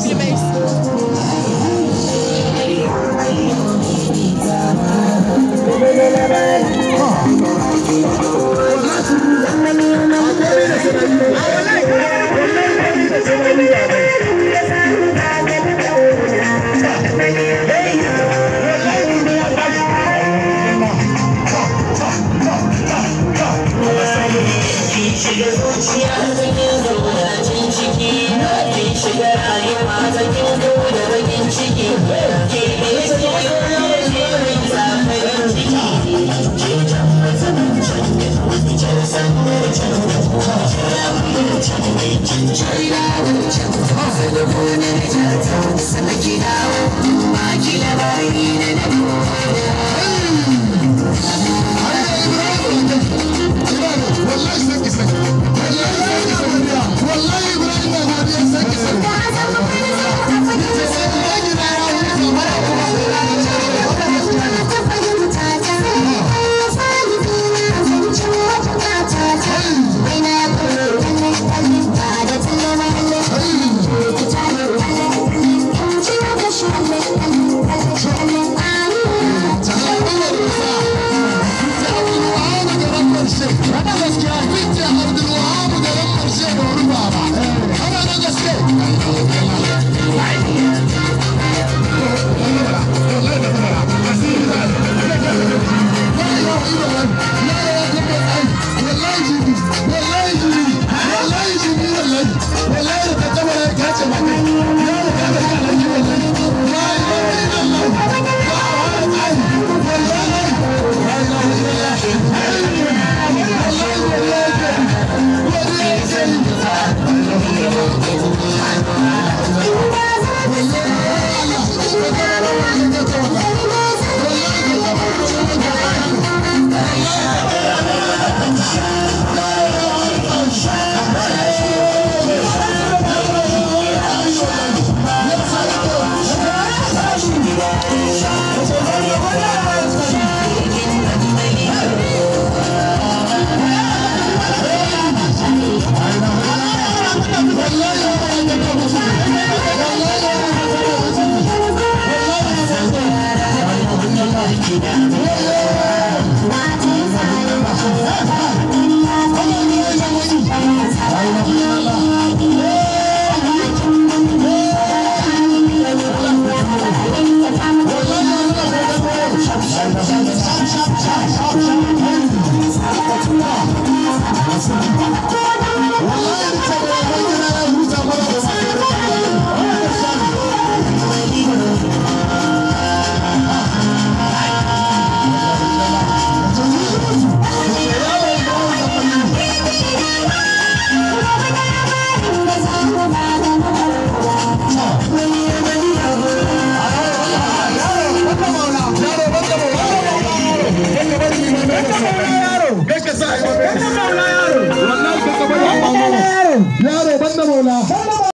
to the bass. Oh. zuciya ciki kin shiga rayuwa sanyin zauna da ciki ke da ya ce ya ce Thank you. Thank you. za a yi mafi. Banda maula yaro. yaro. Yaro